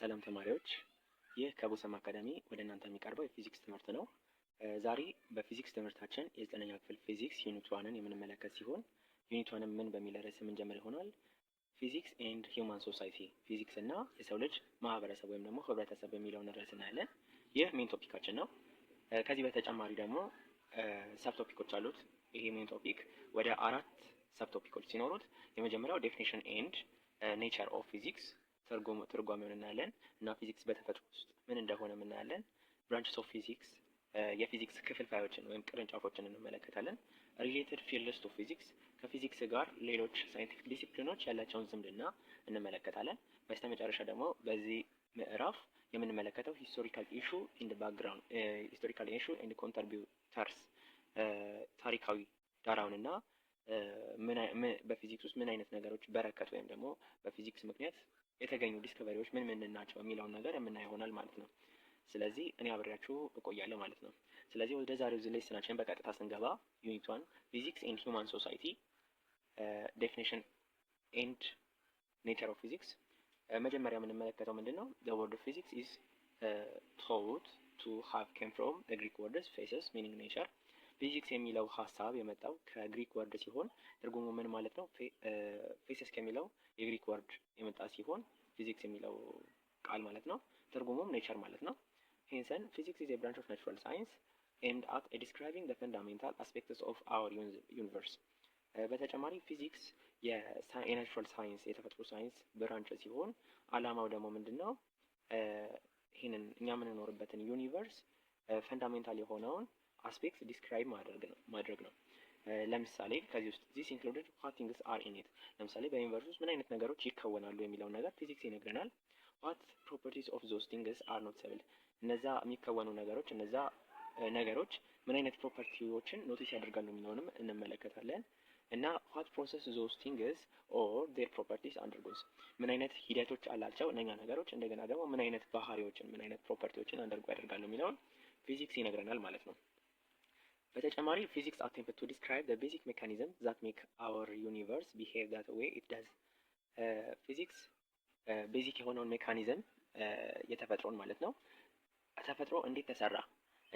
ሰላም ተማሪዎች፣ ይህ ከቡሰም አካዳሚ ወደ እናንተ የሚቀርበው የፊዚክስ ትምህርት ነው። ዛሬ በፊዚክስ ትምህርታችን የዘጠነኛ ክፍል ፊዚክስ ዩኒት ዋንን የምንመለከት ሲሆን ዩኒት ዋንን ምን በሚል ርዕስ የምንጀምር ይሆናል። ፊዚክስ ኤንድ ሂውማን ሶሳይቲ፣ ፊዚክስ እና የሰው ልጅ ማህበረሰብ ወይም ደግሞ ህብረተሰብ የሚለውን ርዕስ እናያለን። ይህ ሜን ቶፒካችን ነው። ከዚህ በተጨማሪ ደግሞ ሰብ ቶፒኮች አሉት። ይሄ ሜን ቶፒክ ወደ አራት ሰብ ቶፒኮች ሲኖሩት የመጀመሪያው ዴፊኒሽን ኤንድ ኔቸር ኦፍ ፊዚክስ ትርጓሜውን እናያለን እና ፊዚክስ በተፈጥሮ ውስጥ ምን እንደሆነ እናያለን። ብራንችስ ኦፍ ፊዚክስ የፊዚክስ ክፍልፋዮችን ወይም ቅርንጫፎችን እንመለከታለን። ሪሌትድ ፊልድስ ኦፍ ፊዚክስ ከፊዚክስ ጋር ሌሎች ሳይንቲፊክ ዲሲፕሊኖች ያላቸውን ዝምድና እንመለከታለን። በስተመጨረሻ ደግሞ በዚህ ምዕራፍ የምንመለከተው ሂስቶሪካል ኢሹ ኢንድ ባክግራውንድ ሂስቶሪካል ኢሹ ኢንድ ኮንትሪቢዩተርስ ታሪካዊ እና በፊዚክስ ውስጥ ምን አይነት ነገሮች በረከት ወይም ደግሞ በፊዚክስ ምክንያት የተገኙ ዲስከቨሪዎች ምን ምን ናቸው የሚለውን ነገር የምናየው ይሆናል ማለት ነው። ስለዚህ እኔ አብሬያችሁ እቆያለሁ ማለት ነው። ስለዚህ ወደ ዛሬው ሌስናችን በቀጥታ ስንገባ ዩኒት ዋን ፊዚክስ ኤንድ ሂውማን ሶሳይቲ ዴፊኒሽን ኤንድ ኔቸር ኦፍ ፊዚክስ መጀመሪያ የምንመለከተው ምንድን ነው? ዘ ወርድ ኦፍ ፊዚክስ ኢዝ ቶት ቱ ሃቭ ኬም ፍሮም ግሪክ ወርድስ ፌሰስ ሚኒንግ ኔቸር ፊዚክስ የሚለው ሀሳብ የመጣው ከግሪክ ወርድ ሲሆን ትርጉሙ ምን ማለት ነው? ፌሲስ ከሚለው የግሪክ ወርድ የመጣ ሲሆን ፊዚክስ የሚለው ቃል ማለት ነው። ትርጉሙም ኔቸር ማለት ነው። ሄንሰን ፊዚክስ ኢዝ ኤ ብራንች ኦፍ ናቹራል ሳይንስ ኤምድ አት ዲስክራይቢንግ ፈንዳሜንታል አስፔክትስ ኦፍ አወር ዩኒቨርስ። በተጨማሪ ፊዚክስ የናቹራል ሳይንስ የተፈጥሮ ሳይንስ ብራንች ሲሆን አላማው ደግሞ ምንድን ነው? ይህንን እኛ የምንኖርበትን ዩኒቨርስ ፈንዳሜንታል የሆነውን አስፔክት ዲስክራይብ ማድረግ ነው። ለምሳሌ ከዚህ ውስጥ ዚስ ኢንክሉድድ ዋት አር ኢን ኢት፣ ለምሳሌ በዩኒቨርስ ውስጥ ምን አይነት ነገሮች ይከወናሉ የሚለውን ነገር ፊዚክስ ይነግረናል። ዋት ፕሮፐርቲስ ኦፍ ዞስ ቲንግስ አር ኖት ኖቲሰብል፣ እነዛ የሚከወኑ ነገሮች እነዛ ነገሮች ምን አይነት ፕሮፐርቲዎችን ኖቲስ ያደርጋሉ የሚለውንም እንመለከታለን። እና ዋት ፕሮሰስ ዞስ ቲንግስ ኦር ዴር ፕሮፐርቲስ አንደርጎስ ምን አይነት ሂደቶች አላቸው እነኛ ነገሮች፣ እንደገና ደግሞ ምን አይነት ባህሪዎችን ምን አይነት ፕሮፐርቲዎችን አንደርጎ ያደርጋሉ የሚለውን ፊዚክስ ይነግረናል ማለት ነው። በተጨማሪ ፊዚክስ አቴምፕት ቱ ዲስክራይብ ቤዚክ ሜካኒዝም ዛት ሜክ አወር ዩኒቨርስ ቢሄቭ ዛት ዌይ ኢት ዳዝ። ፊዚክስ ቤዚክ የሆነውን ሜካኒዝም uh, የተፈጥሮን ማለት ነው ተፈጥሮ እንዴት ተሰራ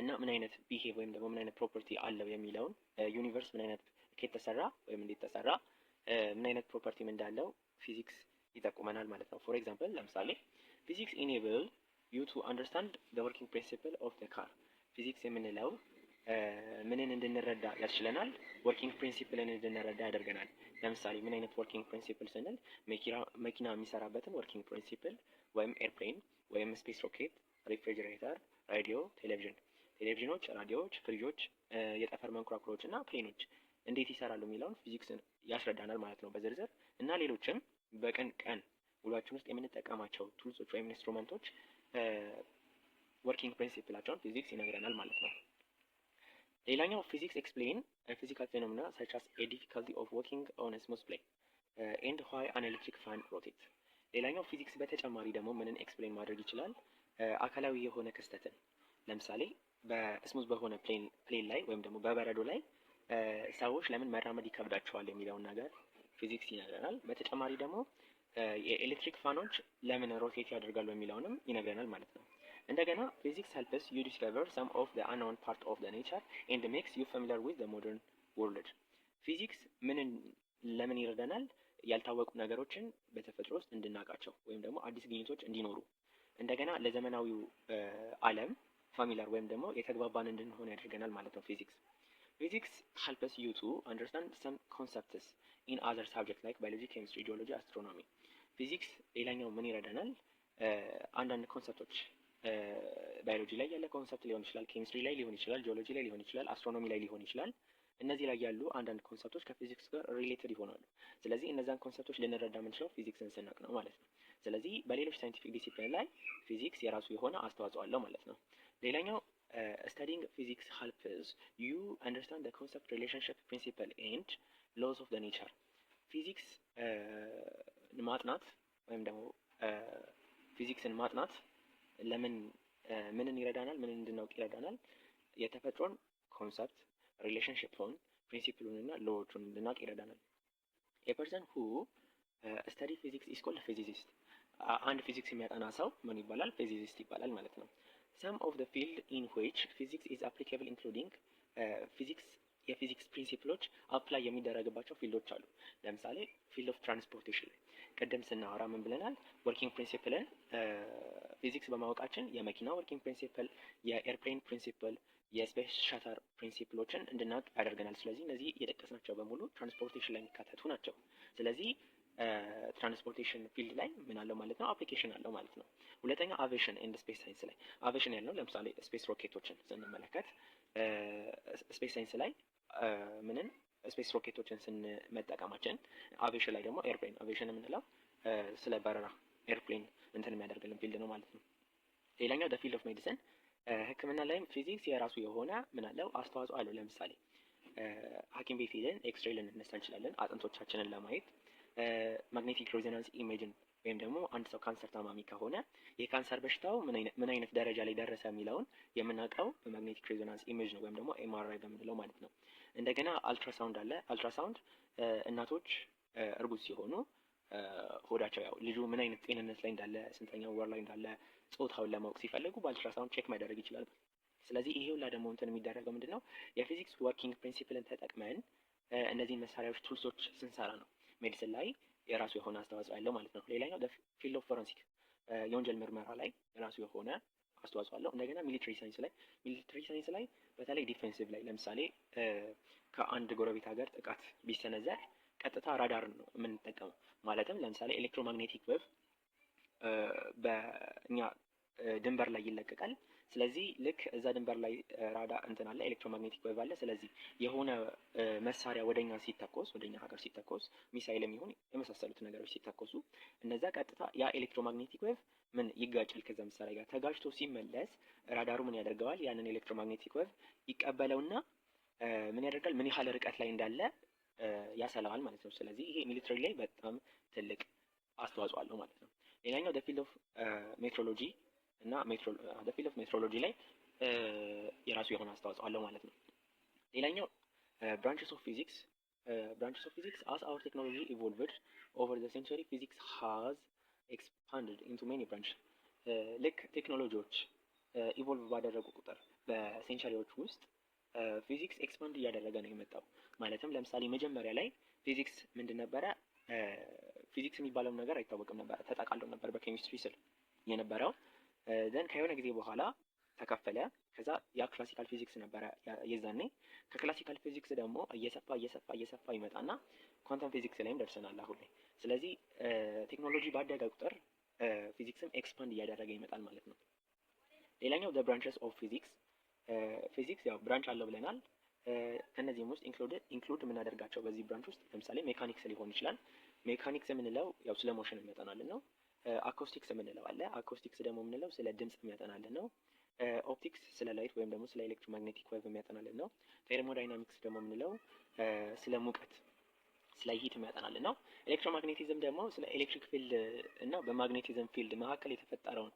እና ምን አይነት ቢሄቭ ወይም ደግሞ ምን አይነት ፕሮፐርቲ አለው የሚለውን ዩኒቨርስ uh, ምን አይነት ኬት ተሰራ ወይም እንዴት ተሰራ uh, ምን አይነት ፕሮፐርቲም እንዳለው ፊዚክስ ይጠቁመናል ማለት ነው። ፎር ኤግዛምፕል ለምሳሌ ፊዚክስ ኢኔብል ዩ ቱ አንደርስታንድ ዘ ወርኪንግ ፕሪንሲፕል ኦፍ ዘ ካር ፊዚክስ የምንለው ምንን እንድንረዳ ያስችለናል? ወርኪንግ ፕሪንሲፕልን እንድንረዳ ያደርገናል። ለምሳሌ ምን አይነት ወርኪንግ ፕሪንሲፕል ስንል መኪና የሚሰራበትን ወርኪንግ ፕሪንሲፕል ወይም ኤርፕሌን ወይም ስፔስ ሮኬት፣ ሪፍሪጅሬተር፣ ሬዲዮ፣ ቴሌቪዥን፣ ቴሌቪዥኖች፣ ራዲዮዎች፣ ፍሪጆች፣ የጠፈር መንኮራኩሮች እና ፕሌኖች እንዴት ይሰራሉ የሚለውን ፊዚክስን ያስረዳናል ማለት ነው በዝርዝር እና ሌሎችም በቀን ቀን ውሏችን ውስጥ የምንጠቀማቸው ቱልሶች ወይም ኢንስትሩመንቶች ወርኪንግ ፕሪንሲፕላቸውን ፊዚክስ ይነግረናል ማለት ነው። ሌላኛው ፊዚክስ ኤክስፕሌን ፊዚካል ፌኖሚና ሰች አስ ኤ ዲፊካልቲ ኦፍ ወርኪንግ ኦን ስሙዝ ፕሌን ኤንድ ኋይ አን ኤሌክትሪክ ፋን ሮቴት። ሌላኛው ፊዚክስ በተጨማሪ ደግሞ ምንን ኤክስፕሌን ማድረግ ይችላል? Uh, አካላዊ የሆነ ክስተትን ለምሳሌ በስሙዝ በሆነ ፕሌን ላይ ወይም ደግሞ በበረዶ ላይ uh, ሰዎች ለምን መራመድ ይከብዳቸዋል የሚለውን ነገር ፊዚክስ ይነግረናል። በተጨማሪ ደግሞ uh, የኤሌክትሪክ ፋኖች ለምን ሮቴት ያደርጋሉ የሚለውንም ይነግረናል ማለት ነው። እንደገና ፊዚክስ ሄልፕስ ዩ ዲስከቨር ሰም ኦፍ ዘ አንኖን ፓርት ኦፍ ዘ ኔቸር ኤንድ ሜክስ ዩ ፋሚሊያር ዊዝ ዘ ሞደርን ወርልድ። ፊዚክስ ምንን ለምን ይረዳናል? ያልታወቁ ነገሮችን በተፈጥሮ ውስጥ እንድናውቃቸው ወይም ደግሞ አዲስ ግኝቶች እንዲኖሩ እንደገና ለዘመናዊው ዓለም ፋሚሊያር ወይም ደግሞ የተግባባን እንድንሆን ያደርገናል ማለት ነው። ፊዚክስ ፊዚክስ ሄልፕስ ዩ ቱ አንደርስታንድ ሰም ኮንሰፕትስ ኢን አዘር ሳብጀክት ላይክ ባዮሎጂ፣ ኬሚስትሪ፣ ጂኦሎጂ፣ አስትሮኖሚ። ፊዚክስ ሌላኛው ምን ይረዳናል? አንዳንድ ኮንሰፕቶች ባዮሎጂ ላይ ያለ ኮንሰፕት ሊሆን ይችላል፣ ኬሚስትሪ ላይ ሊሆን ይችላል፣ ጂኦሎጂ ላይ ሊሆን ይችላል፣ አስትሮኖሚ ላይ ሊሆን ይችላል። እነዚህ ላይ ያሉ አንዳንድ ኮንሰፕቶች ከፊዚክስ ጋር ሪሌትድ ይሆናሉ። ስለዚህ እነዛን ኮንሰፕቶች ልንረዳ የምንችለው ፊዚክስን ስናቅ ነው ማለት ነው። ስለዚህ በሌሎች ሳይንቲፊክ ዲሲፕሊን ላይ ፊዚክስ የራሱ የሆነ አስተዋጽኦ አለው ማለት ነው። ሌላኛው ስታዲንግ ፊዚክስ ሀልፕስ ዩ አንደርስታንድ ኮንሰፕት ሪሌሽንሽፕ ፕሪንሲፕል ኤንድ ሎስ ኦፍ ኔቸር። ፊዚክስ ማጥናት ወይም ደግሞ ፊዚክስን ማጥናት ለምን ምንን ይረዳናል? ምንን እንድናውቅ ይረዳናል? የተፈጥሮን ኮንሰፕት ሪሌሽንሽፕን፣ ፕሪንሲፕሉን እና ሎዎቹን እንድናውቅ ይረዳናል። የፐርሰን ሁ ስተዲ ፊዚክስ ኢስ ኮልድ ፊዚሲስት። አንድ ፊዚክስ የሚያጠና ሰው ምን ይባላል? ፊዚሲስት ይባላል ማለት ነው። ሰም ኦፍ ፊልድ ኢን ዊች ፊዚክስ ኢዝ አፕሊካብል ኢንክሉዲንግ ፊዚክስ የፊዚክስ ፕሪንሲፕሎች አፕላይ የሚደረግባቸው ፊልዶች አሉ። ለምሳሌ ፊልድ ኦፍ ትራንስፖርቴሽን ላይ ቅድም ስናወራ ምን ብለናል? ወርኪንግ ፕሪንሲፕልን ፊዚክስ በማወቃችን የመኪና ወርኪንግ ፕሪንሲፕል፣ የኤርፕሌን ፕሪንሲፕል፣ የስፔስ ሻተር ፕሪንሲፕሎችን እንድናውቅ ያደርገናል። ስለዚህ እነዚህ እየጠቀስናቸው በሙሉ ትራንስፖርቴሽን ላይ የሚካተቱ ናቸው። ስለዚህ ትራንስፖርቴሽን ፊልድ ላይ ምን አለው ማለት ነው? አፕሊኬሽን አለው ማለት ነው። ሁለተኛ አቬሽን ኤንድ ስፔስ ሳይንስ ላይ አቬሽን ያለው ለምሳሌ ስፔስ ሮኬቶችን ስንመለከት ስፔስ ሳይንስ ላይ ምንን ስፔስ ሮኬቶችን ስንመጠቀማችን አቬሽን ላይ ደግሞ ኤርፕሌን አቬሽን የምንለው ስለ በረራ ኤርፕሌን እንትን የሚያደርግልን ፊልድ ነው ማለት ነው። ሌላኛው ፊልድ ኦፍ ሜዲሲን ህክምና ላይም ፊዚክስ የራሱ የሆነ ምን አለው አስተዋጽኦ አለው። ለምሳሌ ሐኪም ቤት ሄደን ኤክስሬ ልንነሳ እንችላለን አጥንቶቻችንን ለማየት ማግኔቲክ ሬዞናንስ ኢሜጅን ወይም ደግሞ አንድ ሰው ካንሰር ታማሚ ከሆነ የካንሰር በሽታው ምን አይነት ደረጃ ላይ ደረሰ የሚለውን የምናውቀው በማግኔቲክ ሬዞናንስ ኢሜጅ ነው ወይም ደግሞ ኤምአርአይ በምንለው ማለት ነው። እንደገና አልትራሳውንድ አለ። አልትራሳውንድ እናቶች እርጉዝ ሲሆኑ ሆዳቸው ያው ልጁ ምን አይነት ጤንነት ላይ እንዳለ፣ ስንተኛው ወር ላይ እንዳለ ጾታውን ለማወቅ ሲፈልጉ በአልትራሳውንድ ቼክ ማድረግ ይችላል። ስለዚህ ይሄ ሁላ ደግሞ እንትን የሚደረገው ምንድን ነው የፊዚክስ ወርኪንግ ፕሪንሲፕልን ተጠቅመን እነዚህን መሳሪያዎች ቱልሶች ስንሰራ ነው ሜዲስን ላይ የራሱ የሆነ አስተዋጽኦ ያለው ማለት ነው። ሌላኛው ፊልድ ኦፍ ፎረንሲክ የወንጀል ምርመራ ላይ የራሱ የሆነ አስተዋጽኦ አለው። እንደገና ሚሊትሪ ሳይንስ ላይ ሚሊትሪ ሳይንስ ላይ በተለይ ዲፌንሲቭ ላይ ለምሳሌ ከአንድ ጎረቤት ሀገር ጥቃት ቢሰነዘር ቀጥታ ራዳር ነው የምንጠቀመው። ማለትም ለምሳሌ ኤሌክትሮማግኔቲክ ዌቭ በእኛ ድንበር ላይ ይለቀቃል። ስለዚህ ልክ እዛ ድንበር ላይ ራዳ እንትን አለ ኤሌክትሮማግኔቲክ ዌቭ አለ። ስለዚህ የሆነ መሳሪያ ወደኛ ሲተኮስ ወደኛ ሀገር ሲተኮስ ሚሳይል የሚሆን የመሳሰሉት ነገሮች ሲተኮሱ እነዛ ቀጥታ ያ ኤሌክትሮማግኔቲክ ዌቭ ምን ይጋጫል ከዛ መሳሪያ ጋር ተጋጭቶ ሲመለስ ራዳሩ ምን ያደርገዋል? ያንን ኤሌክትሮማግኔቲክ ዌቭ ይቀበለውና ምን ያደርጋል? ምን ያህል ርቀት ላይ እንዳለ ያሰላዋል ማለት ነው። ስለዚህ ይሄ ሚሊትሪ ላይ በጣም ትልቅ አስተዋጽኦ አለው ማለት ነው። ሌላኛው ደ ፊልድ ኦፍ ሜትሮሎጂ እና ፊልድ ኦፍ ሜትሮሎጂ ላይ የራሱ የሆነ አስተዋጽኦ አለው ማለት ነው። ሌላኛው ብራንችስ ኦፍ ፊዚክስ ብራንችስ ኦፍ ፊዚክስ አስ አወር ቴክኖሎጂ ኢቮልቭድ ኦቨር ዘ ሴንቸሪ ፊዚክስ ሃዝ ኤክስፓንድድ ኢንቱ ሜኒ ብራንች። ልክ ቴክኖሎጂዎች ኢቮልቭ ባደረጉ ቁጥር በሴንቸሪዎች ውስጥ ፊዚክስ ኤክስፓንድ እያደረገ ነው የመጣው። ማለትም ለምሳሌ መጀመሪያ ላይ ፊዚክስ ምንድን ነበረ? ፊዚክስ የሚባለው ነገር አይታወቅም ነበረ፣ ተጠቃሎ ነበር በኬሚስትሪ ስር የነበረው ዘን ከሆነ ጊዜ በኋላ ተከፈለ። ከዛ ያ ክላሲካል ፊዚክስ ነበረ የዛኔ። ከክላሲካል ፊዚክስ ደግሞ እየሰፋ እየሰፋ እየሰፋ ይመጣና ኳንተም ፊዚክስ ላይም ደርሰናል አሁን ላይ። ስለዚህ ቴክኖሎጂ ባደገ ቁጥር ፊዚክስም ኤክስፓንድ እያደረገ ይመጣል ማለት ነው። ሌላኛው ዘ ብራንችስ ኦፍ ፊዚክስ። ፊዚክስ ያው ብራንች አለው ብለናል። ከእነዚህም ውስጥ ኢንክሉድ የምናደርጋቸው በዚህ ብራንች ውስጥ ለምሳሌ ሜካኒክስ ሊሆን ይችላል። ሜካኒክስ የምንለው ያው ስለ ሞሽን የሚያጠናልን ነው። አኮስቲክስ የምንለው አለ። አኮስቲክስ ደግሞ የምንለው ስለ ድምፅ የሚያጠናልን ነው። ኦፕቲክስ ስለ ላይት ወይም ደግሞ ስለ ኤሌክትሮማግኔቲክ ዌቭ የሚያጠናልን ነው። ቴርሞዳይናሚክስ ደግሞ የምንለው ስለ ሙቀት ስለ ሂት የሚያጠናልን ነው። ኤሌክትሮማግኔቲዝም ደግሞ ስለ ኤሌክትሪክ ፊልድ እና በማግኔቲዝም ፊልድ መካከል የተፈጠረውን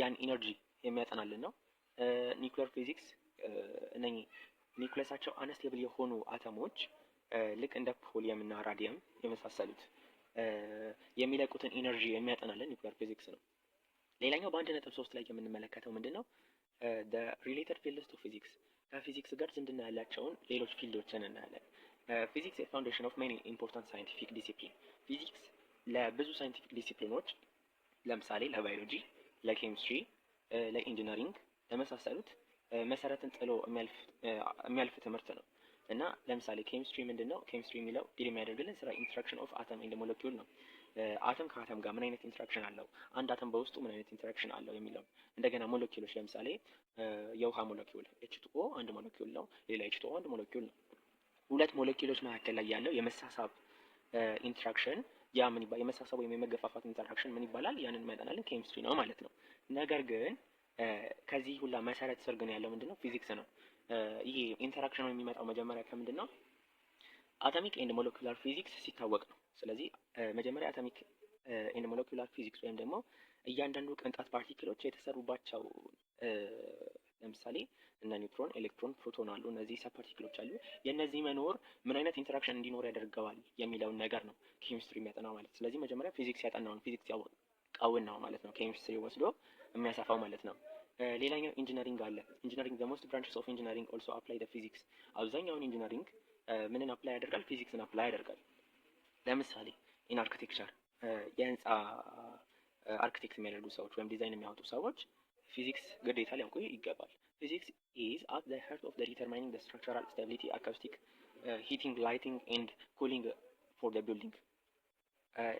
ያን ኢነርጂ የሚያጠናልን ነው። ኒውክሌር ፊዚክስ እነኚህ ኒውክሌሳቸው አነስቴብል የሆኑ አተሞች ልክ እንደ ፖሊየም እና ራዲየም የመሳሰሉት የሚለቁትን ኢነርጂ የሚያጠናለን ኒውክሊየር ፊዚክስ ነው። ሌላኛው በአንድ ነጥብ ሶስት ላይ የምንመለከተው ምንድን ነው? ሪሌትድ ፊልድስ ቱ ፊዚክስ ከፊዚክስ ጋር ዝምድና ያላቸውን ሌሎች ፊልዶችን እናያለን። ፊዚክስ ፋውንዴሽን ኦፍ ሜኒ ኢምፖርታንት ሳይንቲፊክ ዲሲፕሊን ፊዚክስ ለብዙ ሳይንቲፊክ ዲሲፕሊኖች ለምሳሌ ለባዮሎጂ፣ ለኬሚስትሪ፣ ለኢንጂነሪንግ ለመሳሰሉት መሰረትን ጥሎ የሚያልፍ ትምህርት ነው። እና ለምሳሌ ኬሚስትሪ ምንድን ነው? ኬሚስትሪ የሚለው ዲል የሚያደርግልን ስራ ኢንትራክሽን ኦፍ አተም ኢን ሞለኪውል ነው። አተም ከአተም ጋር ምን አይነት ኢንትራክሽን አለው፣ አንድ አተም በውስጡ ምን አይነት ኢንትራክሽን አለው የሚለው እንደገና ሞለኪውሎች፣ ለምሳሌ የውሃ ሞለኪውል ኤች ቱ ኦ አንድ ሞለኪውል ነው፣ ሌላ ኤች ቱ ኦ አንድ ሞለኪውል ነው። ሁለት ሞለኪውሎች መካከል ላይ ያለው የመሳሳብ ኢንትራክሽን ያ ምን ይባላል? የመሳሳብ ወይም የመገፋፋት ኢንትራክሽን ምን ይባላል? ያንን የሚያጠናልን ኬሚስትሪ ነው ማለት ነው። ነገር ግን ከዚህ ሁላ መሰረት ስር ግን ያለው ምንድን ነው? ፊዚክስ ነው። ይሄ ኢንተራክሽን የሚመጣው መጀመሪያ ከምንድን ነው? አቶሚክ ኤንድ ሞለኪላር ፊዚክስ ሲታወቅ ነው። ስለዚህ መጀመሪያ አቶሚክ ኤንድ ሞለኪላር ፊዚክስ ወይም ደግሞ እያንዳንዱ ቅንጣት ፓርቲክሎች የተሰሩባቸው ለምሳሌ እነ ኒውትሮን፣ ኤሌክትሮን፣ ፕሮቶን አሉ። እነዚህ ሰብ ፓርቲክሎች አሉ። የእነዚህ መኖር ምን አይነት ኢንተራክሽን እንዲኖር ያደርገዋል የሚለውን ነገር ነው ኬሚስትሪ የሚያጠናው ማለት። ስለዚህ መጀመሪያ ፊዚክስ ያጠናውን ፊዚክስ ያወቃውን ነው ማለት ነው ኬሚስትሪ ወስዶ የሚያሰፋው ማለት ነው። ሌላኛው ኢንጂነሪንግ አለ። ኢንጂነሪንግ ዘ ሞስት ብራንችስ ኦፍ ኢንጂነሪንግ ኦልሶ አፕላይ ዘ ፊዚክስ። አብዛኛውን ኢንጂነሪንግ ምንን አፕላይ ያደርጋል? ፊዚክስን አፕላይ ያደርጋል። ለምሳሌ ኢን አርክቴክቸር የህንፃ አርክቴክት የሚያደርጉ ሰዎች ወይም ዲዛይን የሚያወጡ ሰዎች ፊዚክስ ግዴታ ሊያውቁ ይገባል። ፊዚክስ ኢዝ አት ዘ ሄርት ኦፍ ዘ ዲተርማይኒንግ ዘ ስትራክቸራል ስታቢሊቲ አካውስቲክ ሂቲንግ ላይቲንግ ኤንድ ኩሊንግ ፎር ዘ ቢልዲንግ።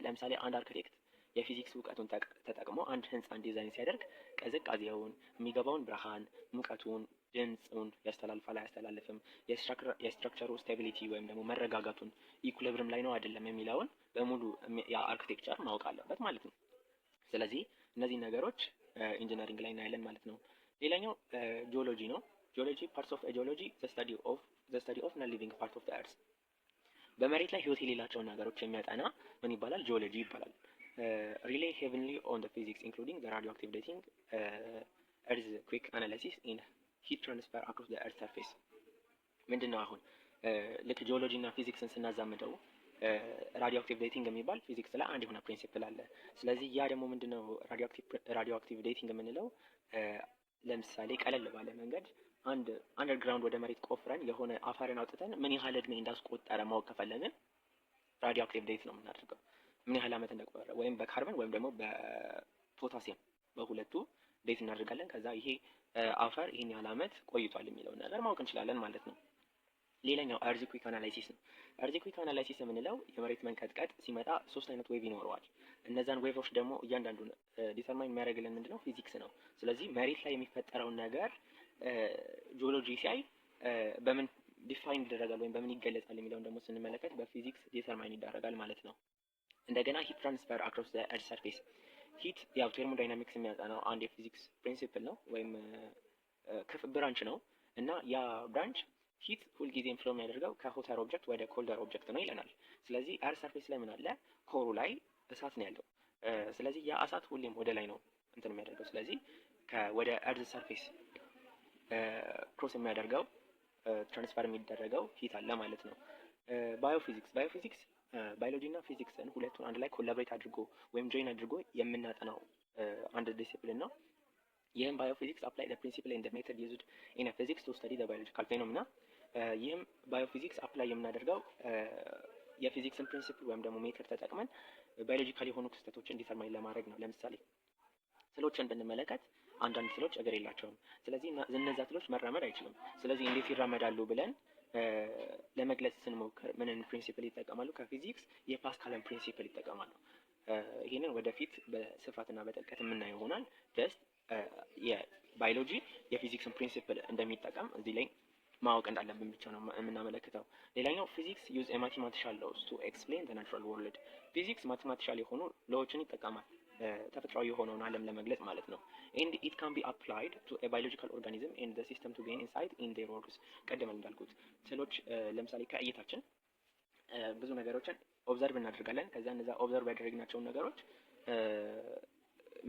ለምሳሌ አንድ አርክቴክት የፊዚክስ እውቀቱን ተጠቅሞ አንድ ህንፃ ዲዛይን ሲያደርግ ቅዝቃዜውን፣ የሚገባውን ብርሃን፣ ሙቀቱን፣ ድምፁን ያስተላልፋል አያስተላልፍም፣ የስትራክቸሩ ስታቢሊቲ ወይም ደግሞ መረጋጋቱን ኢኩሊብርም ላይ ነው አይደለም የሚለውን በሙሉ የአርክቴክቸር ማወቅ አለበት ማለት ነው። ስለዚህ እነዚህ ነገሮች ኢንጂነሪንግ ላይ እናያለን ማለት ነው። ሌላኛው ጂኦሎጂ ነው። ጂኦሎጂ ፓርት ኦፍ ጂኦሎጂ ስታዲ ኦፍ ስታዲ ኦፍ ና ሊቪንግ ፓርት ኦፍ ዘ በመሬት ላይ ህይወት የሌላቸውን ነገሮች የሚያጠና ምን ይባላል? ጂኦሎጂ ይባላል። Uh, rely heavily on the physics including the radioactive dating, uh, earthquake analysis in heat transfer across the earth surface። ምንድን ነው አሁን uh, ልክ ጂኦሎጂ እና ፊዚክስን ስናዛምደው አክቲቭ ዴቲንግ የሚባል ፊዚክስ ላይ አንድ የሆነ ፕሪንሲፕል አለ። ስለዚህ ያ ደግሞ ምንድነው ነው አክቲቭ ዴቲንግ የምንለው ለምሳሌ ቀለል ባለ መንገድ አንድ አንደርግራውንድ ወደ መሬት ቆፍረን የሆነ አፈርን አውጥተን ምን ያህል እድሜ እንዳስቆጠረ ማወቅ ከፈለግን አክቲቭ ዴት ነው የምናደርገው። ምን ያህል ዓመት እንደቆረ ወይም በካርበን ወይም ደግሞ በፖታሲየም በሁለቱ ዴት እናደርጋለን። ከዛ ይሄ አፈር ይህን ያህል ዓመት ቆይቷል የሚለውን ነገር ማወቅ እንችላለን ማለት ነው። ሌላኛው አርዚኩዊክ አናላይሲስ ነው። አርዚኩዊክ አናላይሲስ የምንለው የመሬት መንቀጥቀጥ ሲመጣ ሶስት አይነት ዌቭ ይኖረዋል። እነዛን ዌቮች ደግሞ እያንዳንዱን ዲተርማይን የሚያደርግልን ምንድነው? ፊዚክስ ነው። ስለዚህ መሬት ላይ የሚፈጠረውን ነገር ጂኦሎጂ ሲያይ በምን ዲፋይን ይደረጋል ወይም በምን ይገለጻል የሚለውን ደግሞ ስንመለከት በፊዚክስ ዲተርማይን ይደረጋል ማለት ነው። እንደገና ሂት ትራንስፈር አክሮስ ዘ ኤርዝ ሰርፌስ ሂት ያው ቴርሞዳይናሚክስ የሚያጠናው አንድ የፊዚክስ ፕሪንሲፕል ነው ወይም ክፍ ብራንች ነው እና ያ ብራንች ሂት ሁልጊዜም ፍሎ የሚያደርገው ከሆተር ኦብጀክት ወደ ኮልደር ኦብጀክት ነው ይለናል። ስለዚህ ኤር ሰርፌስ ላይ ምን አለ? ኮሩ ላይ እሳት ነው ያለው። ስለዚህ ያ እሳት ሁሌም ወደ ላይ ነው እንትን የሚያደርገው። ስለዚህ ወደ ኤርዝ ሰርፌስ ክሮስ የሚያደርገው ትራንስፈር የሚደረገው ሂት አለ ማለት ነው። ባዮፊዚክስ ባዮፊዚክስ ባዮሎጂ እና ፊዚክስን ሁለቱን አንድ ላይ ኮላብሬት አድርጎ ወይም ጆይን አድርጎ የምናጠናው አንድ ዲሲፕሊን ነው። ይህም ባዮፊዚክስ አፕላይ ዘ ፕሪንሲፕል ኤንድ ሜተድ ዩዝድ ኢን ፊዚክስ ቱ ስተዲ ባዮሎጂካል ፌኖሚና። ይህም ባዮፊዚክስ አፕላይ የምናደርገው የፊዚክስን ፕሪንሲፕል ወይም ደግሞ ሜተድ ተጠቅመን ባዮሎጂካል የሆኑ ክስተቶችን ዲተርማይን ለማድረግ ነው። ለምሳሌ ስሎችን ብንመለከት አንዳንድ ስሎች እግር የላቸውም። ስለዚህ እነዛ ስሎች መራመድ አይችሉም። ስለዚህ እንዴት ይራመዳሉ ብለን ለመግለጽ ስንሞክር ምንን ፕሪንሲፕል ይጠቀማሉ? ከፊዚክስ የፓስካልን ፕሪንሲፕል ይጠቀማሉ። ይህንን ወደፊት በስፋትና በጥልቀት የምናየው ይሆናል። ደስ የባዮሎጂ የፊዚክስን ፕሪንሲፕል እንደሚጠቀም እዚህ ላይ ማወቅ እንዳለብን ብቻ ነው የምናመለክተው። ሌላኛው ፊዚክስ ዩዝ ማቴማቲሻል ሎውስ ቱ ኤክስፕሌን ዘ ናቹራል ወርልድ ፊዚክስ ማቴማቲካል የሆኑ ሎዎችን ይጠቀማል። ተፈጥሯዊ የሆነውን ዓለም ለመግለጽ ማለት ነው። ኤንድ ኢት ካን ቢ አፕላይድ ቱ ባዮሎጂካል ኦርጋኒዝም ኤንድ ሲስተም ቱ ጌን ኢንሳይት ኢን ዴር ወርክስ። ቀደም እንዳልኩት ሴሎች ለምሳሌ ከእይታችን ብዙ ነገሮችን ኦብዘርቭ እናደርጋለን። ከዚያ እነዛ ኦብዘርቭ ያደረግናቸውን ነገሮች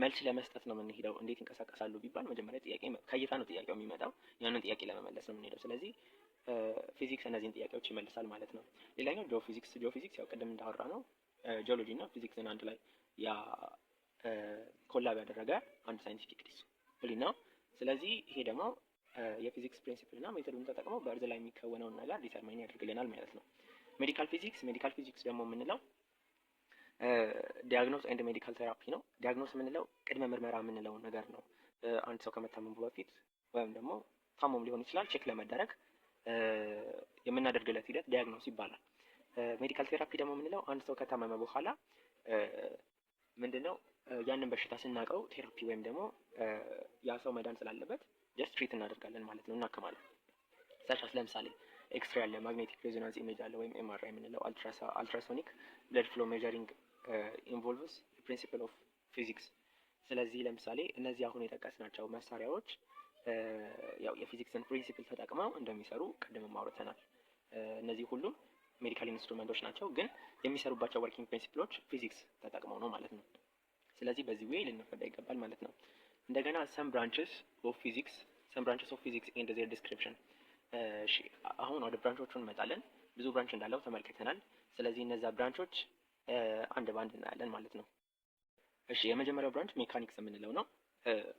መልስ ለመስጠት ነው የምንሄደው። እንዴት ይንቀሳቀሳሉ ቢባል መጀመሪያ ጥያቄ ከእይታ ነው ጥያቄው የሚመጣው። ያንን ጥያቄ ለመመለስ ነው የምንሄደው። ስለዚህ ፊዚክስ እነዚህን ጥያቄዎች ይመልሳል ማለት ነው። ሌላኛው ጂኦፊዚክስ ጂኦፊዚክስ ያው ቅድም እንዳወራ ነው ጂኦሎጂ እና ፊዚክስን አንድ ላይ ኮላብ ያደረገ አንድ ሳይንቲፊክ ዲስፕሊ ነው። ስለዚህ ይሄ ደግሞ የፊዚክስ ፕሪንሲፕል እና ሜቶዱን ተጠቅሞ በእርዝ ላይ የሚከወነውን ነገር ዲተርማይን ያደርግልናል ማለት ነው። ሜዲካል ፊዚክስ ሜዲካል ፊዚክስ ደግሞ የምንለው ዲያግኖስ ኤንድ ሜዲካል ቴራፒ ነው። ዲያግኖስ የምንለው ቅድመ ምርመራ የምንለው ነገር ነው። አንድ ሰው ከመታመሙ በፊት ወይም ደግሞ ታሞም ሊሆን ይችላል ቼክ ለመደረግ የምናደርግለት ሂደት ዲያግኖስ ይባላል። ሜዲካል ቴራፒ ደግሞ የምንለው አንድ ሰው ከታመመ በኋላ ምንድነው ያንን በሽታ ስናውቀው ቴራፒ ወይም ደግሞ ያ ሰው መዳን ስላለበት ጀስት ትሪት እናደርጋለን ማለት ነው፣ እናክማለን። ሳሻስ ለምሳሌ ኤክስሬ አለ፣ ማግኔቲክ ሬዞናንስ ኢሜጅ አለ ወይም ኤምአርአይ የምንለው አልትራሶኒክ ብለድ ፍሎ ሜጀሪንግ ኢንቮልቭስ ፕሪንሲፕል ኦፍ ፊዚክስ። ስለዚህ ለምሳሌ እነዚህ አሁን የጠቀስናቸው መሳሪያዎች ያው የፊዚክስን ፕሪንሲፕል ተጠቅመው እንደሚሰሩ ቅድም አውርተናል። እነዚህ ሁሉም ሜዲካል ኢንስትሩመንቶች ናቸው፣ ግን የሚሰሩባቸው ወርኪንግ ፕሪንሲፕሎች ፊዚክስ ተጠቅመው ነው ማለት ነው። ስለዚህ በዚህ ዌይ ልንረዳ ይገባል ማለት ነው። እንደገና ሰም ብራንችስ ኦፍ ፊዚክስ ሰም ብራንችስ ኦፍ ፊዚክስ ኤንድ ዘር ዲስክሪፕሽን። እሺ አሁን ወደ ብራንቾቹ እንመጣለን። ብዙ ብራንች እንዳለው ተመልክተናል። ስለዚህ እነዛ ብራንቾች አንድ በአንድ እናያለን ማለት ነው። እሺ የመጀመሪያው ብራንች ሜካኒክስ የምንለው ነው።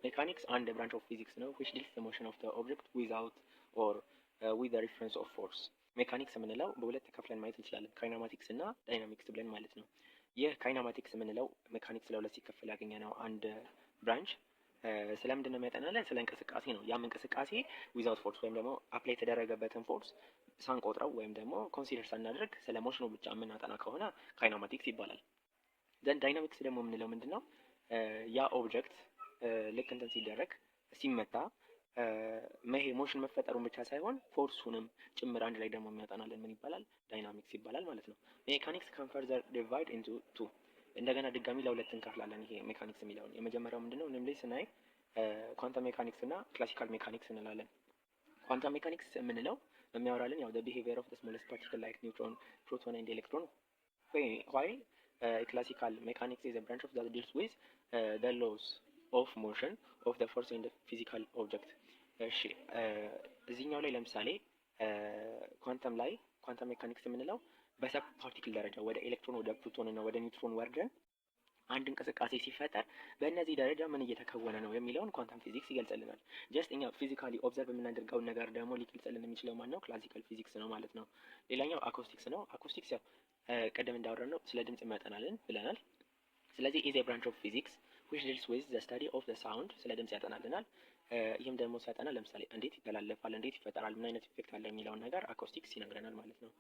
ሜካኒክስ አንድ ብራንች ኦፍ ፊዚክስ ነው which deals the motion of the object without or with the reference of force ሜካኒክስ የምንለው በሁለት ተከፍለን ማየት እንችላለን፣ ካይናማቲክስ እና ዳይናሚክስ ብለን ማለት ነው። ይህ ካይናማቲክስ የምንለው ሜካኒክስ ለሁለት ሲከፈል ያገኘ ነው አንድ ብራንች ስለምንድን ነው የሚያጠናለን? ስለ እንቅስቃሴ ነው። ያም እንቅስቃሴ ዊዛውት ፎርስ ወይም ደግሞ አፕላይ የተደረገበትን ፎርስ ሳንቆጥረው ወይም ደግሞ ኮንሲደር ሳናደርግ ስለ ሞሽኑ ብቻ የምናጠና ከሆነ ካይናማቲክስ ይባላል። ዘን ዳይናሚክስ ደግሞ የምንለው ምንድን ነው? ያ ኦብጀክት ልክ እንትን ሲደረግ ሲመታ መሄ ሞሽን መፈጠሩን ብቻ ሳይሆን ፎርሱንም ጭምር አንድ ላይ ደግሞ የሚያጠናለን ምን ይባላል? ዳይናሚክስ ይባላል ማለት ነው። ሜካኒክስ ካን ፈርዘር ዲቫይድ ኢንቱ ቱ እንደገና ድጋሚ ለሁለት እንከፍላለን። ይሄ ሜካኒክስ የሚለውን የመጀመሪያው ምንድን ነው? ንምሌ ስናይ ኳንተም ሜካኒክስ እና ክላሲካል ሜካኒክስ እንላለን። ኳንተም ሜካኒክስ የምንለው የሚያወራልን ያው ዘ ቢሄቪየር ኦፍ ዘ ፓርቲክል ላይክ ኒውትሮን ፕሮቶን ኤንድ ኤሌክትሮን ይ ክላሲካል ሜካኒክስ ዘ ብራንች ኦፍ ዛት ዲልስ ዊዝ ዘ ሎስ ኦፍ ሞሽን ኦፍ ዘ ፎርስ ኢን ፊዚካል ኦብጀክት እሺ እዚህኛው ላይ ለምሳሌ ኳንተም ላይ ኳንተም ሜካኒክስ የምንለው በሰብ ፓርቲክል ደረጃ ወደ ኤሌክትሮን ወደ ፕሮቶን እና ወደ ኒውትሮን ወርደን አንድ እንቅስቃሴ ሲፈጠር በእነዚህ ደረጃ ምን እየተከወነ ነው የሚለውን ኳንተም ፊዚክስ ይገልጽልናል። ጀስት እኛ ፊዚካሊ ኦብዘርቭ የምናደርገውን ነገር ደግሞ ሊገልጽልን የሚችለው ማን ነው? ክላሲካል ፊዚክስ ነው ማለት ነው። ሌላኛው አኮስቲክስ ነው። አኮስቲክስ ያው ቅድም እንዳወረድ ነው ስለ ድምፅ የሚያጠናልን ብለናል። ስለዚህ ኢዝ ኤ ብራንች ኦፍ ፊዚክስ ዊች ዲልስ ዊዝ ዘ ስታዲ ኦፍ ዘ ሳውንድ ስለ ድምፅ ያጠናልናል። ይህም ደግሞ ሲያጠና ለምሳሌ እንዴት ይተላለፋል፣ እንዴት ይፈጠራል፣ ምን አይነት ኢፌክት አለ የሚለውን ነገር አኮስቲክስ ይነግረናል ማለት ነው።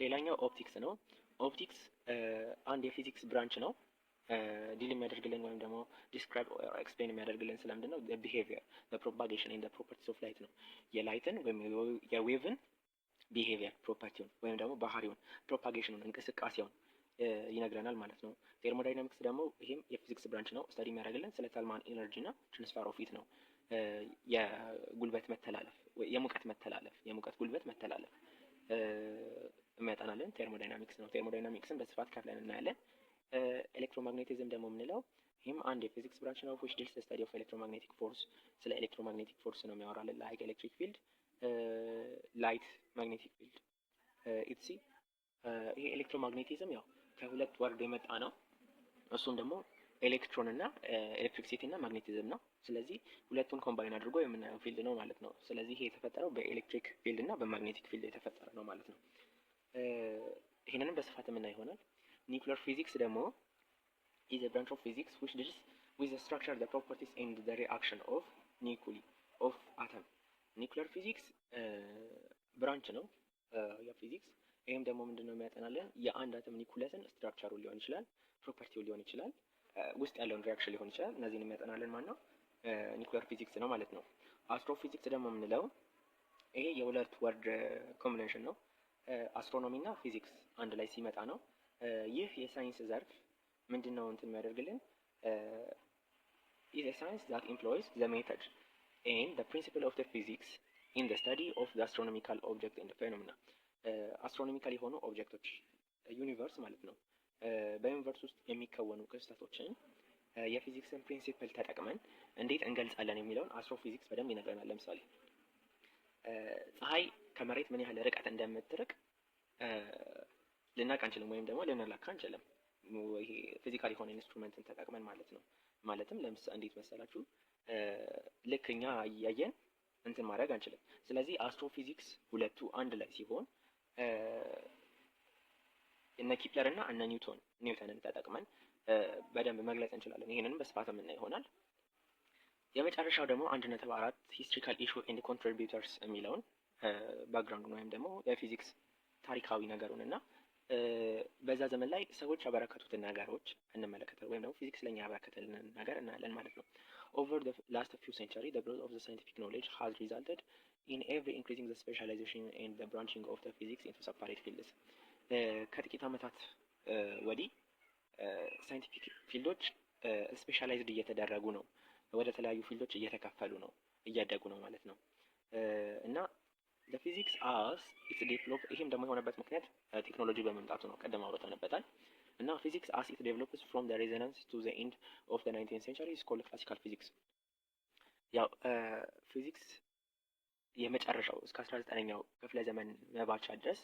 ሌላኛው ኦፕቲክስ ነው። ኦፕቲክስ አንድ የፊዚክስ ብራንች ነው። ዲል የሚያደርግልን ወይም ደግሞ ዲስክራይብ ኤክስፕሌን የሚያደርግልን ስለምንድን ነው ቢሄቪየር ፕሮፓጌሽን ኤንድ ፕሮፐርቲስ ኦፍ ላይት ነው። የላይትን ወይም የዌቭን ቢሄቪየር ፕሮፐርቲውን ወይም ደግሞ ባህሪውን፣ ፕሮፓጌሽኑን፣ እንቅስቃሴውን ይነግረናል ማለት ነው። ቴርሞዳይናሚክስ ደግሞ ይህም የፊዚክስ ብራንች ነው። ስተዲ የሚያደርግልን ስለ ተልማን ኤነርጂ እና ትራንስፈር ኦፍ ሂት ነው። የጉልበት መተላለፍ የሙቀት መተላለፍ የሙቀት ጉልበት መተላለፍ የሚያጠናልን ቴርሞዳይናሚክስ ነው። ቴርሞዳይናሚክስን በስፋት ከፍለን እናያለን። ኤሌክትሮማግኔቲዝም ደግሞ የምንለው ይህም አንድ የፊዚክስ ብራንች ነው ዊች ዲልስ ስታዲ ኦፍ ኤሌክትሮማግኔቲክ ፎርስ ስለ ኤሌክትሮማግኔቲክ ፎርስ ነው የሚያወራልን ላይክ ኤሌክትሪክ ፊልድ ላይት ማግኔቲክ ፊልድ ኢትሲ ይሄ ኤሌክትሮማግኔቲዝም ያው ከሁለት ወርድ የመጣ ነው እሱም ደግሞ ኤሌክትሮን እና ኤሌክትሪክሲቲ እና ማግኔቲዝም ነው። ስለዚህ ሁለቱን ኮምባይን አድርጎ የምናየው ፊልድ ነው ማለት ነው። ስለዚህ ይሄ የተፈጠረው በኤሌክትሪክ ፊልድ እና በማግኔቲክ ፊልድ የተፈጠረ ነው ማለት ነው። ይህንንም በስፋት የምናይ ይሆናል። ኒውክሊየር ፊዚክስ ደግሞ ኢዝ ኤ ብራንች ኦፍ ፊዚክስ ዊች ዲልስ ዊዝ ዘ ስትራክቸር ዘ ፕሮፐርቲስ ኤንድ ዘ ሪአክሽን ኦፍ ኒኩሊ ኦፍ አተም። ኒውክሊየር ፊዚክስ ብራንች ነው የፊዚክስ ይህም ደግሞ ምንድን ነው የሚያጠናለን የአንድ አተም ኒኩለስን ስትራክቸሩ ሊሆን ይችላል ፕሮፐርቲው ሊሆን ይችላል ውስጥ ያለውን ሪያክሽን ሊሆን ይችላል። እነዚህን የሚያጠናልን ማን ነው? ኒኩለር ፊዚክስ ነው ማለት ነው። አስትሮፊዚክስ ደግሞ የምንለው ይሄ የሁለት ወርድ ኮምቢኔሽን ነው። አስትሮኖሚ እና ፊዚክስ አንድ ላይ ሲመጣ ነው። ይህ የሳይንስ ዘርፍ ምንድን ነው እንትን የሚያደርግልን is a science that employs the method and the principle of the physics in the study of the astronomical object and phenomena astronomical የሆኑ ኦብጀክቶች ዩኒቨርስ ማለት ነው በዩኒቨርስ ውስጥ የሚከወኑ ክስተቶችን የፊዚክስን ፕሪንሲፕል ተጠቅመን እንዴት እንገልጻለን የሚለውን አስትሮፊዚክስ በደንብ ይነግረናል። ለምሳሌ ፀሐይ ከመሬት ምን ያህል ርቀት እንደምትርቅ ልናቅ አንችልም፣ ወይም ደግሞ ልንለካ አንችልም። ይሄ ፊዚካል የሆነ ኢንስትሩመንትን ተጠቅመን ማለት ነው። ማለትም ለምሳ እንዴት መሰላችሁ ልክ እኛ እያየን እንትን ማድረግ አንችልም። ስለዚህ አስትሮፊዚክስ ሁለቱ አንድ ላይ ሲሆን እነ ኪፕለር እና እነ ኒውቶን ኒውተንን ተጠቅመን በደንብ መግለጽ እንችላለን። ይህንንም በስፋት የምናይ ይሆናል። የመጨረሻው ደግሞ አንድ ነጥብ አራት ሂስትሪካል ኢሹ ኤንድ ኮንትሪቢዩተርስ የሚለውን ባክግራውንዱን ወይም ደግሞ የፊዚክስ ታሪካዊ ነገሩን እና በዛ ዘመን ላይ ሰዎች ያበረከቱትን ነገሮች እንመለከታለን ወይም ደግሞ ፊዚክስ ለኛ ያበረከተልን ነገር እናያለን ማለት ነው። ኦቨር ላስት ፊው ሴንቸሪ ዘ ግሮዝ ኦፍ ዘ ሳይንቲፊክ ኖሌጅ ሃዝ ሪዛልትድ ኢን ኤቭሪ ኢንክሪዚንግ ዘ ስፔሻላይዜሽን ኤንድ ዘ ብራንቺንግ ኦፍ ዘ ፊዚክስ ኢንቱ ሰፓሬት ፊልድስ ከጥቂት ዓመታት ወዲህ ሳይንቲፊክ ፊልዶች ስፔሻላይዝድ እየተደረጉ ነው። ወደ ተለያዩ ፊልዶች እየተከፈሉ ነው፣ እያደጉ ነው ማለት ነው። እና ለፊዚክስ አስ ኢት ዴቨሎፕ ይህም ደግሞ የሆነበት ምክንያት ቴክኖሎጂ በመምጣቱ ነው። ቀደም አውርተንበታል። እና ፊዚክስ አስ ኢት ዴቨሎፕስ ፍሮም ዘ ሬዘናንስ ቱ ዘ ኢንድ ኦፍ ዘ ናይንቲን ሴንቸሪ ኢዝ ኮልድ ክላሲካል ፊዚክስ። ያው ፊዚክስ የመጨረሻው እስከ አስራ ዘጠነኛው ክፍለ ዘመን መባቻ ድረስ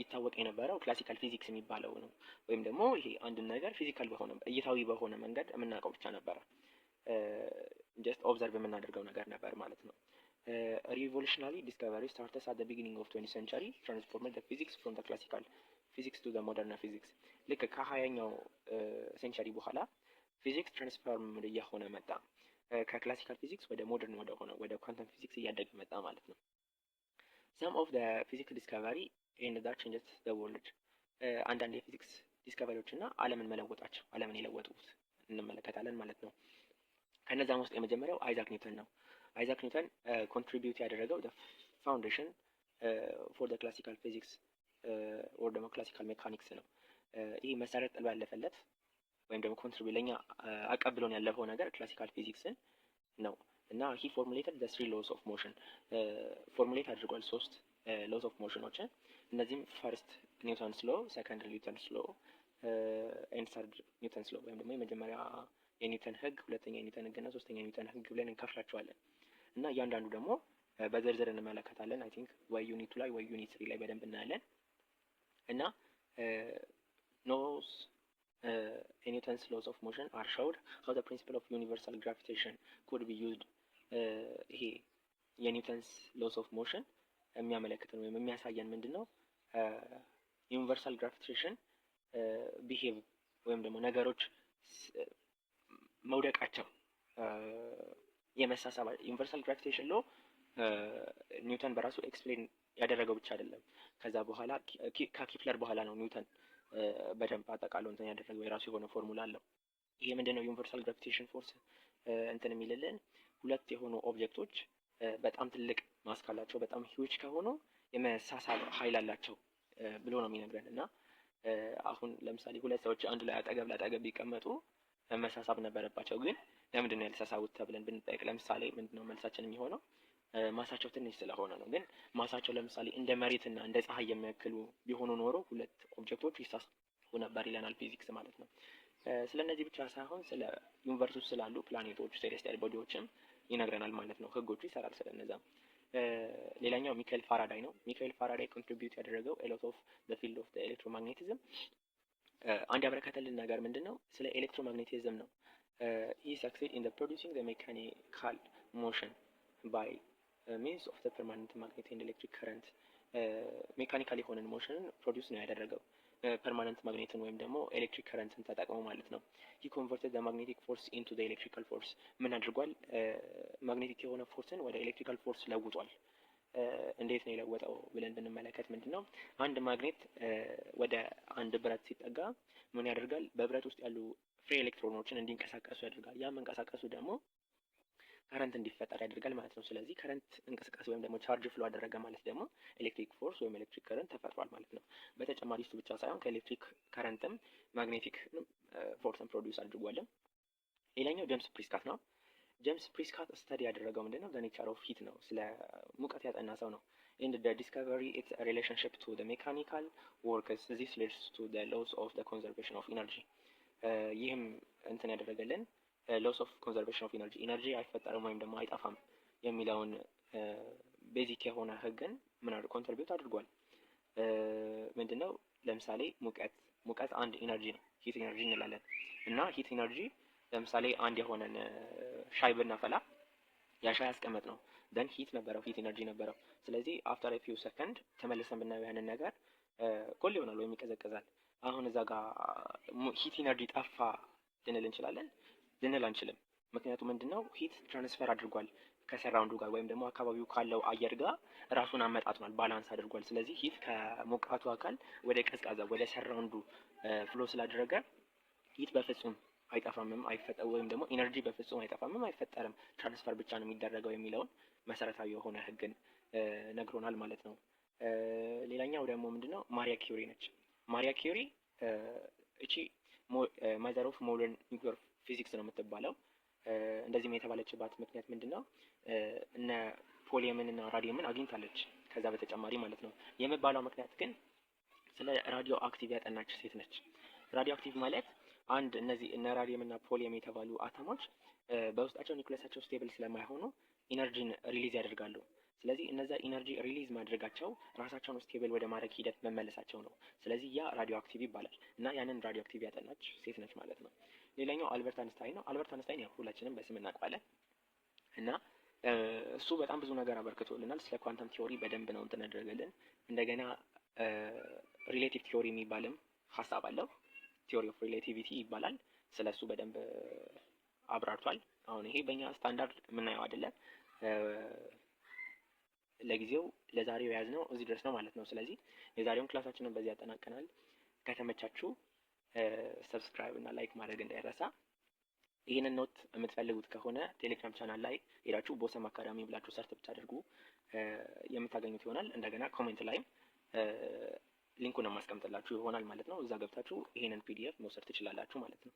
ይታወቅ የነበረው ክላሲካል ፊዚክስ የሚባለው ነው። ወይም ደግሞ ይሄ አንድን ነገር ፊዚካል በሆነ እይታዊ በሆነ መንገድ የምናውቀው ብቻ ነበረ። ጀስት ኦብዘርቭ የምናደርገው ነገር ነበር ማለት ነው። ሪቮሉሽናሪ ዲስከቨሪ ስታርተስ አት ቢግኒንግ ኦፍ ትዌንቲ ሴንቸሪ ትራንስፎርመድ ፊዚክስ ፍሮም ክላሲካል ፊዚክስ ቱ ሞደርን ፊዚክስ። ልክ ከሀያኛው ሴንቸሪ በኋላ ፊዚክስ ትራንስፎርምድ እየሆነ መጣ። ከክላሲካል ፊዚክስ ወደ ሞደርን ወደ ሆነ ወደ ኳንተም ፊዚክስ እያደገ መጣ ማለት ነው። ሰም ኦፍ ፊዚክስ ዲስካቨሪ ኤንድ ዛት ቼንጀስ ዘ ወርልድ አንዳንድ የፊዚክስ ዲስካቨሪዎች እና ዓለምን መለወጣቸው ዓለምን የለወጡት እንመለከታለን ማለት ነው። ከነዛም ውስጥ የመጀመሪያው አይዛክ ኒውተን ነው። አይዛክ ኒውተን ኮንትሪቢዩት ያደረገው ፋውንዴሽን ፎር ዘ ክላሲካል ፊዚክስ ወር ደግሞ ክላሲካል ሜካኒክስ ነው። uh, ይህ መሰረት ጥሎ ያለፈለት ወይም ደግሞ ኮንትሪቢዩት ለእኛ uh, አቀብሎን ያለፈው ነገር ክላሲካል ፊዚክስን ነው። እና ሂ ፎርሙሌተድ ዘ ስሪ ሎስ ኦፍ ሞሽን ፎርሙሌት አድርጓል ሶስት ሎስ ኦፍ ሞሽኖችን እነዚህም ፈርስት ኒውተንስ ሎ፣ ሰከንድ ኒውተንስ ሎ ኤንድ ሰርድ ኒውተንስ ሎ ወይም ደግሞ የመጀመሪያ የኒውተን ህግ፣ ሁለተኛ የኒውተን ህግ እና ሶስተኛ የኒውተን ህግ ብለን እንከፍላቸዋለን እና እያንዳንዱ ደግሞ uh, በዝርዝር እንመለከታለን። አይ ቲንክ ወይ ዩኒቱ ላይ ወይ ዩኒት ስሪ ላይ በደንብ እናያለን እና ኖስ ኒውተንስ ሎስ ኦፍ ሞሽን አር ሸውድ ሀው ፕሪንሲፕል ኦፍ ዩኒቨርሳል ግራቪቴሽን ኩድ ቢ ዩዝድ ይሄ የኒውተንስ ሎስ ኦፍ ሞሽን የሚያመለክትን ወይም የሚያሳየን ምንድን ነው? ዩኒቨርሳል ግራቪቴሽን ቢሄቭ ወይም ደግሞ ነገሮች መውደቃቸው የመሳሳብ ዩኒቨርሳል ግራቪቴሽን ሎ ኒውተን በራሱ ኤክስፕሌን ያደረገው ብቻ አይደለም። ከዛ በኋላ ከኪፕለር በኋላ ነው ኒውተን በደንብ አጠቃሎ እንትን ያደረገው የራሱ የሆነ ፎርሙላ አለው። ይሄ ምንድን ነው ዩኒቨርሳል ግራቪቴሽን ፎርስ እንትን የሚልልን ሁለት የሆኑ ኦብጀክቶች በጣም ትልቅ ማስ ካላቸው በጣም ሂዩጅ ከሆኑ የመሳሳብ ኃይል አላቸው ብሎ ነው የሚነግረን እና አሁን ለምሳሌ ሁለት ሰዎች አንድ ላይ አጠገብ ለአጠገብ ቢቀመጡ መሳሳብ ነበረባቸው፣ ግን ለምንድን ነው ያልተሳሳቡት ተብለን ብንጠይቅ ለምሳሌ ምንድነው መልሳችን የሚሆነው? ማሳቸው ትንሽ ስለሆነ ነው። ግን ማሳቸው ለምሳሌ እንደ መሬትና እንደ ፀሐይ የሚያክሉ ቢሆኑ ኖሮ ሁለት ኦብጀክቶች ይሳሳቡ ነበር ይለናል ፊዚክስ ማለት ነው። ስለነዚህ ብቻ ሳይሆን ስለ ዩኒቨርስ ውስጥ ስላሉ ፕላኔቶች ሴሌስቲያል ቦዲዎችም ይነግረናል ማለት ነው። ህጎቹ ይሰራል ስለነዛ። ሌላኛው ሚካኤል ፋራዳይ ነው። ሚካኤል ፋራዳይ ኮንትሪቢዩት ያደረገው ኤሎት ኦፍ ዘ ፊልድ ኦፍ ኤሌክትሮማግኔቲዝም አንድ ያበረከተልን ነገር ምንድን ነው? ስለ ኤሌክትሮማግኔቲዝም ነው። ሂ ሰክሴድ ኢን ፕሮዲሲንግ ዘ ሜካኒካል ሞሽን ባይ ሚንስ ኦፍ ዘ ፐርማነንት ማግኔት ኤንድ ኤሌክትሪክ ከረንት ሜካኒካል የሆነን ሞሽንን ፕሮዲውስ ነው ያደረገው። ፐርማነንት ማግኔትን ወይም ደግሞ ኤሌክትሪክ ከረንትን ተጠቅመው ማለት ነው። ሂ ኮንቨርትድ ማግኔቲክ ፎርስ ኢንቱ ዘ ኤሌክትሪካል ፎርስ ምን አድርጓል? ማግኔቲክ የሆነ ፎርስን ወደ ኤሌክትሪካል ፎርስ ለውጧል። እንዴት ነው የለወጠው ብለን ብንመለከት ምንድን ነው አንድ ማግኔት ወደ አንድ ብረት ሲጠጋ ምን ያደርጋል? በብረት ውስጥ ያሉ ፍሬ ኤሌክትሮኖችን እንዲንቀሳቀሱ ያደርጋል። ያ መንቀሳቀሱ ደግሞ ከረንት እንዲፈጠር ያደርጋል ማለት ነው። ስለዚህ ከረንት እንቅስቃሴ ወይም ደግሞ ቻርጅ ፍሎ አደረገ ማለት ደግሞ ኤሌክትሪክ ፎርስ ወይም ኤሌክትሪክ ከረንት ተፈጥሯል ማለት ነው። በተጨማሪ እሱ ብቻ ሳይሆን ከኤሌክትሪክ ከረንትም ማግኔቲክ ፎርስን ፕሮዲውስ አድርጓልም። ሌላኛው ጀምስ ፕሪስካት ነው። ጀምስ ፕሪስካት ስተዲ ያደረገው ምንድን ነው? ኔቸር ኦፍ ሂት ነው። ስለ ሙቀት ያጠና ሰው ነው። ኢን ደ ዲስከቨሪ ኢትስ ሪሌሽንሽፕ ቱ ደ ሜካኒካል ወርክስ ዚስ ሊድስ ቱ ደ ሎስ ኦፍ ደ ኮንዘርቬሽን ኦፍ ኢነርጂ ይህም እንትን ያደረገልን ሎስ ኦፍ ኮንዘርቬሽን ኦፍ ኢነርጂ ኢነርጂ አይፈጠርም ወይም ደግሞ አይጠፋም የሚለውን ቤዚክ uh, የሆነ ህግን ምን ኮንትሪቢዩት አድርጓል። uh, ምንድነው? ለምሳሌ ሙቀት ሙቀት አንድ ኢነርጂ ነው፣ ሂት ኢነርጂ እንላለን። እና ሂት ኢነርጂ ለምሳሌ አንድ የሆነን uh, ሻይ ብናፈላ ያ ሻይ ያስቀመጥ ነው ደን ሂት ነበረው ሂት ኢነርጂ ነበረው። ስለዚህ አፍተር ፊው ሰከንድ ተመልሰን ብናየው ያንን ነገር ኮል ይሆናል ወይም ይቀዘቀዛል። አሁን እዛ ጋር ሂት ኢነርጂ ጠፋ ልንል እንችላለን። ልንል አንችልም። ምክንያቱ ምንድነው? ሂት ትራንስፈር አድርጓል ከሰራውንዱ ጋር ወይም ደግሞ አካባቢው ካለው አየር ጋር ራሱን አመጣጥኗል፣ ባላንስ አድርጓል። ስለዚህ ሂት ከሞቃቱ አካል ወደ ቀዝቃዛ ወደ ሰራውንዱ ፍሎ ስላደረገ ሂት በፍጹም አይጠፋምም አይፈጠ ወይም ደግሞ ኢነርጂ በፍጹም አይጠፋምም አይፈጠርም፣ ትራንስፈር ብቻ ነው የሚደረገው የሚለውን መሰረታዊ የሆነ ህግን ነግሮናል ማለት ነው። ሌላኛው ደግሞ ምንድነው? ማሪያ ኪዩሪ ነች። ማሪያ ኪዩሪ እቺ ማዘር ኦፍ ሞደርን ኒውክሌር ፊዚክስ ነው የምትባለው። እንደዚህም የተባለችባት ምክንያት ምንድን ነው? እነ ፖሊየምን እና ራዲየምን አግኝታለች። ከዛ በተጨማሪ ማለት ነው የምባለው ምክንያት ግን ስለ ራዲዮ አክቲቭ ያጠናች ሴት ነች። ራዲዮ አክቲቭ ማለት አንድ እነዚህ እነ ራዲየም እና ፖሊየም የተባሉ አተሞች በውስጣቸው ኒውክሊየሳቸው ስቴብል ስለማይሆኑ ኢነርጂን ሪሊዝ ያደርጋሉ። ስለዚህ እነዛ ኢነርጂ ሪሊዝ ማድረጋቸው ራሳቸውን ስቴብል ወደ ማድረግ ሂደት መመለሳቸው ነው። ስለዚህ ያ ራዲዮ አክቲቭ ይባላል እና ያንን ራዲዮ አክቲቭ ያጠናች ሴት ነች ማለት ነው። ሌላኛው አልበርት አንስታይን ነው። አልበርት አንስታይን ያው ሁላችንም በስም እናውቀዋለን እና እሱ በጣም ብዙ ነገር አበርክቶልናል። ስለ ኳንተም ቲዮሪ በደንብ ነው እንትን ያደረገልን። እንደገና ሪሌቲቭ ቲዮሪ የሚባልም ሀሳብ አለው። ቲዮሪ ኦፍ ሪሌቲቪቲ ይባላል። ስለ እሱ በደንብ አብራርቷል። አሁን ይሄ በእኛ ስታንዳርድ የምናየው አይደለም። ለጊዜው ለዛሬው የያዝነው እዚህ ድረስ ነው ማለት ነው። ስለዚህ የዛሬውን ክላሳችንን በዚህ ያጠናቀናል። ከተመቻችሁ ሰብስክራይብ እና ላይክ ማድረግ እንዳይረሳ። ይህንን ኖት የምትፈልጉት ከሆነ ቴሌግራም ቻናል ላይ ሄዳችሁ ቦሰም አካዳሚ ብላችሁ ሰርች ብታደርጉ የምታገኙት ይሆናል። እንደገና ኮሜንት ላይም ሊንኩን የማስቀምጥላችሁ ይሆናል ማለት ነው። እዛ ገብታችሁ ይህንን ፒዲኤፍ መውሰድ ትችላላችሁ ማለት ነው።